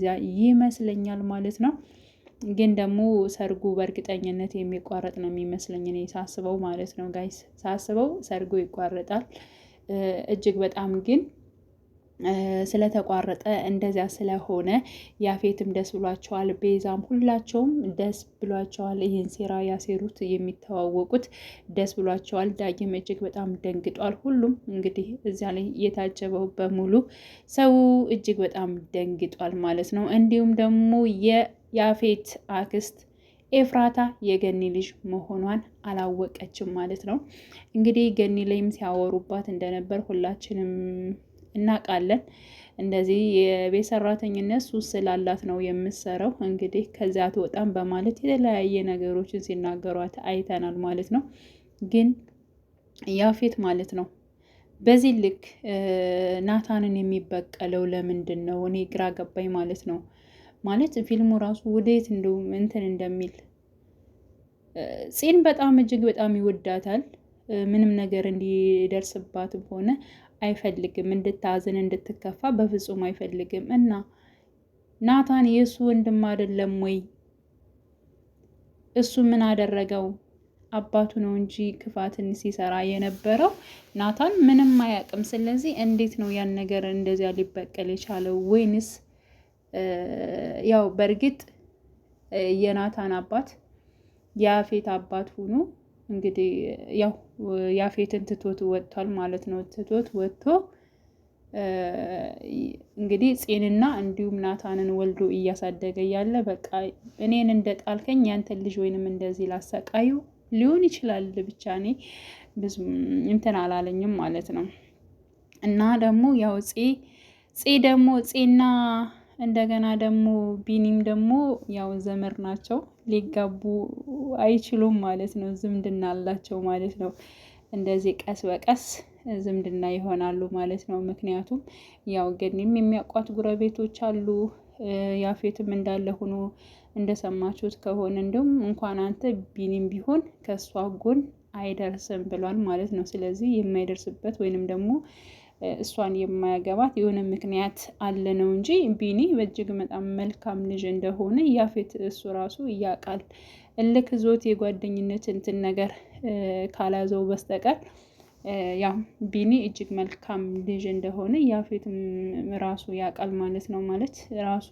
ዚያ ይመስለኛል ማለት ነው። ግን ደግሞ ሰርጉ በእርግጠኝነት የሚቋረጥ ነው የሚመስለኝ እኔ ሳስበው ማለት ነው። ጋይስ ሳስበው ሰርጉ ይቋረጣል እጅግ በጣም ግን ስለተቋረጠ እንደዚያ ስለሆነ ያፌትም ደስ ብሏቸዋል፣ ቤዛም ሁላቸውም ደስ ብሏቸዋል። ይህን ሴራ ያሴሩት የሚተዋወቁት ደስ ብሏቸዋል። ዳጊም እጅግ በጣም ደንግጧል። ሁሉም እንግዲህ እዚያ ላይ የታጀበው በሙሉ ሰው እጅግ በጣም ደንግጧል ማለት ነው። እንዲሁም ደግሞ የያፌት አክስት ኤፍራታ የገኒ ልጅ መሆኗን አላወቀችም ማለት ነው። እንግዲህ ገኒ ላይም ሲያወሩባት እንደነበር ሁላችንም እናውቃለን። እንደዚህ የቤት ሰራተኝነት ሱስ ስላላት ነው የምትሰራው። እንግዲህ ከዚያ አትወጣም በማለት የተለያየ ነገሮችን ሲናገሯት አይተናል ማለት ነው። ግን ያፌት ማለት ነው በዚህ ልክ ናታንን የሚበቀለው ለምንድን ነው? እኔ ግራ ገባኝ ማለት ነው። ማለት ፊልሙ ራሱ ወደየት እንደውም እንትን እንደሚል ፂን በጣም እጅግ በጣም ይወዳታል ምንም ነገር እንዲደርስባትም ሆነ አይፈልግም እንድታዝን እንድትከፋ በፍጹም አይፈልግም። እና ናታን የእሱ ወንድም አይደለም ወይ? እሱ ምን አደረገው? አባቱ ነው እንጂ ክፋትን ሲሰራ የነበረው ናታን ምንም አያውቅም። ስለዚህ እንዴት ነው ያን ነገር እንደዚያ ሊበቀል የቻለው? ወይንስ ያው በእርግጥ የናታን አባት የአፌት አባት ሆኖ እንግዲህ ያው ያፌትን ትቶት ወጥቷል ማለት ነው። ትቶት ወጥቶ እንግዲህ ፄንና እንዲሁም ናታንን ወልዶ እያሳደገ ያለ በቃ እኔን እንደ ጣልከኝ ያንተን ልጅ ወይንም እንደዚህ ላሰቃዩ ሊሆን ይችላል። ብቻ እኔ ብዙ እንትን አላለኝም ማለት ነው። እና ደግሞ ያው ፄ ፄ ደግሞ ፄና እንደገና ደግሞ ቢኒም ደግሞ ያው ዘመር ናቸው ሊጋቡ አይችሉም ማለት ነው። ዝምድና አላቸው ማለት ነው። እንደዚህ ቀስ በቀስ ዝምድና ይሆናሉ ማለት ነው። ምክንያቱም ያው ገኒም የሚያውቋት ጉረቤቶች አሉ። ያፌትም እንዳለ ሆኖ እንደሰማችሁት ከሆነ እንዲሁም እንኳን አንተ ቢኒም ቢሆን ከእሷ ጎን አይደርስም ብሏል ማለት ነው። ስለዚህ የማይደርስበት ወይንም ደግሞ እሷን የማያገባት የሆነ ምክንያት አለ ነው እንጂ ቢኒ በእጅግ በጣም መልካም ልጅ እንደሆነ ያፌት እሱ ራሱ ያውቃል። እልክ ዞት የጓደኝነት እንትን ነገር ካላዘው በስተቀር ያ ቢኒ እጅግ መልካም ልጅ እንደሆነ ያፌትም ራሱ ያውቃል ማለት ነው። ማለት ራሱ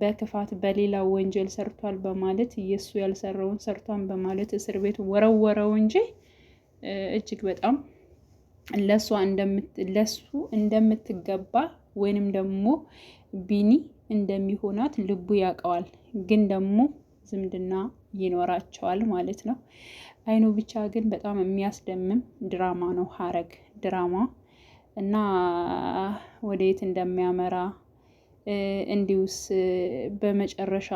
በክፋት በሌላ ወንጀል ሰርቷል በማለት እየሱ ያልሰራውን ሰርቷን በማለት እስር ቤት ወረወረው እንጂ እጅግ በጣም ለእሷ ለሱ እንደምትገባ ወይንም ደግሞ ቢኒ እንደሚሆናት ልቡ ያውቀዋል። ግን ደግሞ ዝምድና ይኖራቸዋል ማለት ነው። አይኑ ብቻ ግን በጣም የሚያስደምም ድራማ ነው ሀረግ ድራማ እና ወደየት እንደሚያመራ እንዲሁስ በመጨረሻ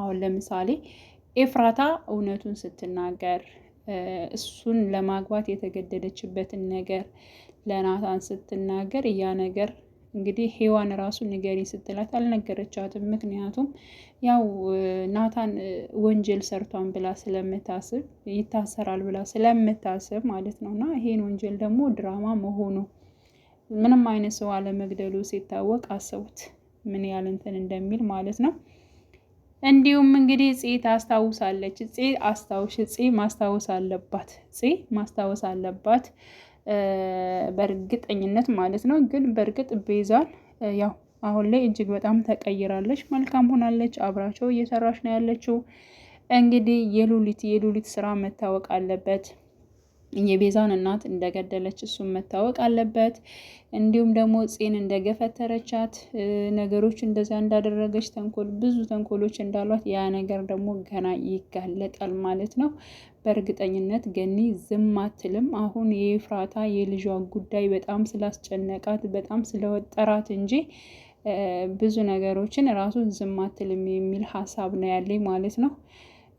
አሁን ለምሳሌ ኤፍራታ እውነቱን ስትናገር እሱን ለማግባት የተገደደችበትን ነገር ለናታን ስትናገር ያ ነገር እንግዲህ ሔዋን ራሱ ንገሪ ስትላት አልነገረቻትም። ምክንያቱም ያው ናታን ወንጀል ሰርቷን ብላ ስለምታስብ ይታሰራል ብላ ስለምታስብ ማለት ነው። እና ይሄን ወንጀል ደግሞ ድራማ መሆኑ ምንም አይነት ሰው አለመግደሉ ሲታወቅ አሰቡት ምን ያህል እንትን እንደሚል ማለት ነው። እንዲሁም እንግዲህ ፅ ታስታውሳለች። ፅ አስታውሽ፣ ጽ ማስታወስ አለባት፣ ጽ ማስታወስ አለባት በእርግጠኝነት ማለት ነው። ግን በእርግጥ ቤዛን ያው አሁን ላይ እጅግ በጣም ተቀይራለች፣ መልካም ሆናለች። አብራቸው እየሰራች ነው ያለችው። እንግዲህ የሉሊት የሉሊት ስራ መታወቅ አለበት። የቤዛን እናት እንደገደለች እሱም መታወቅ አለበት። እንዲሁም ደግሞ ፄን እንደገፈተረቻት ነገሮች እንደዚያ እንዳደረገች ተንኮል ብዙ ተንኮሎች እንዳሏት ያ ነገር ደግሞ ገና ይጋለጣል ማለት ነው። በእርግጠኝነት ገኒ ዝም አትልም። አሁን የፍራታ የልጇ ጉዳይ በጣም ስላስጨነቃት በጣም ስለወጠራት እንጂ ብዙ ነገሮችን ራሱ ዝም አትልም የሚል ሀሳብ ነው ያለኝ ማለት ነው።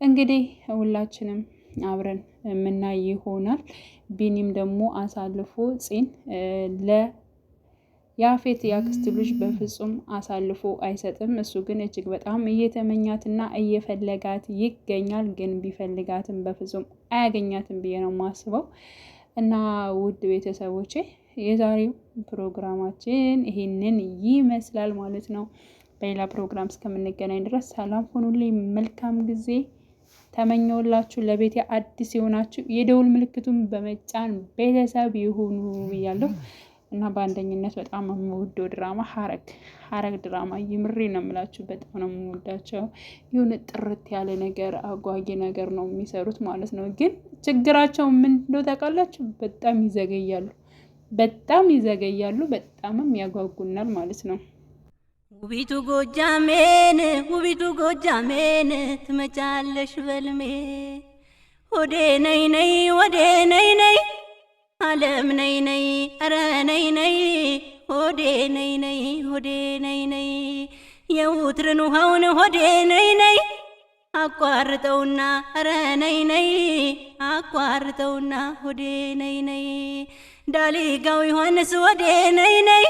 እንግዲህ ሁላችንም አብረን የምናይ ይሆናል። ቢኒም ደግሞ አሳልፎ ፂን ለ ያፌት ያክስት ልጅ በፍጹም አሳልፎ አይሰጥም። እሱ ግን እጅግ በጣም እየተመኛትና እየፈለጋት ይገኛል። ግን ቢፈልጋትም በፍጹም አያገኛትም ብዬ ነው የማስበው። እና ውድ ቤተሰቦቼ የዛሬው ፕሮግራማችን ይሄንን ይመስላል ማለት ነው። በሌላ ፕሮግራም እስከምንገናኝ ድረስ ሰላም ሁኑልኝ። መልካም ጊዜ ተመኘውላችሁ። ለቤቴ አዲስ የሆናችሁ የደውል ምልክቱን በመጫን ቤተሰብ ይሁኑ ብያለሁ እና በአንደኝነት በጣም የምወደው ድራማ ሐረግ ሐረግ ድራማ ይምሬ ነው የምላችሁ። በጣም ነው የምወዳቸው። የሆነ ጥርት ያለ ነገር አጓጊ ነገር ነው የሚሰሩት ማለት ነው። ግን ችግራቸው ምን እንደው ታውቃላችሁ? በጣም ይዘገያሉ፣ በጣም ይዘገያሉ፣ በጣምም ያጓጉናል ማለት ነው። ውቢቱ ጎጃሜን ውቢቱ ጎጃሜን ትመጫለሽ በልሜ ሆዴ ነይ ነይ ወዴ ነይ ነይ አለም ነይ ነይ ኧረ ነይ ነይ ሆዴ ነይ ነይ ሆዴ ነይ ነይ የውትርን ውሃውን ሆዴ ነይ ነይ አቋርጠውና ኧረ ነይ ነይ አቋርጠውና ሆዴ ነይ ነይ ዳሊጋው ዮሐንስ ወዴ ነይ ነይ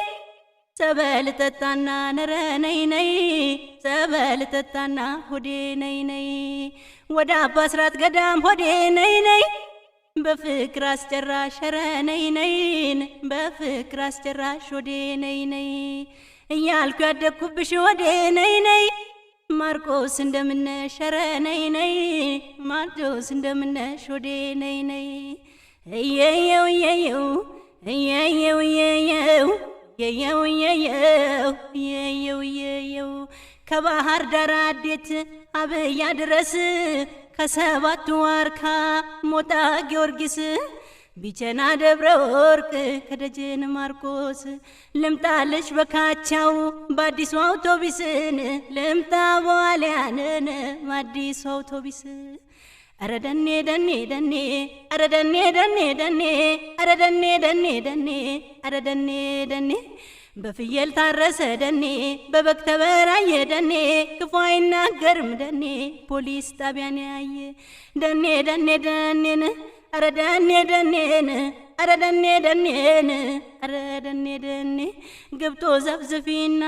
ሰበል ጠጣና ነረ ነይ ነይ ሰበል ጠጣና ሆዴ ነይ ነይ ወደ አባ ስራት ገዳም ሆዴ ነይ ነይ በፍቅር አስጨራሽ ረ ነይ ነይን በፍቅር አስጨራሽ ሆዴ ነይ ነይ እያልኩ ያደግኩብሽ ሆዴ ነይ ነይ ማርቆስ እንደምነሽ ረ ነይ ነይ ማርቆስ እንደምነሽ ሆዴ ነይ ነይ እየየው እየየው እየየው እየየው የየው የየው የየው የየው ከባህር ዳር አዴት አብያ ድረስ ከሰባቱ ዋርካ ሞጣ ጊዮርጊስ ቢቸና ደብረ ወርቅ ከደጀን ማርቆስ ልምጣለሽ በካቻው በአዲሱ አውቶቢስን ልምጣ በዋልያንን በአዲሱ አውቶቢስን ኧረ ደኔ ደኔ ደኔ ኧረ ደኔ ደኔ ደኔ ኧረ ደኔ ደኔ ደኔ ኧረ ደኔ ደኔ በፍየል ታረሰ ደኔ በበግ ተበራየ ደኔ ክፉ አይናገርም ደኔ ፖሊስ ጣቢያን ያየ ደኔ ደኔ ደኔን ኧረ ደኔ ደኔን ኧረ ደኔ ደኔን ኧረ ደኔ ደኔ ገብቶ ዘፍዝፊና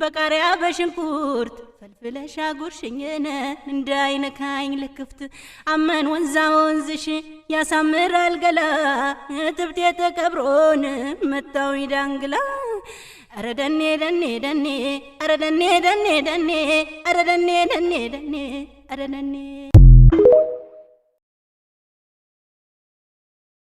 በቃሪያ በሽንኩርት ፈልፍለሽ ጉርሽኝነ እንዳይነካኝ ልክፍት አመን ወንዛ ወንዝሽ ያሳምራል ገላ ትብቴ ተቀብሮን መጣው ዳንግላ ኧረ ደኔ ደኔ ደኔ ኧረ ደኔ ደኔ ደኔ ኧረ ደኔ ደኔ ደኔ ኧረ ደኔ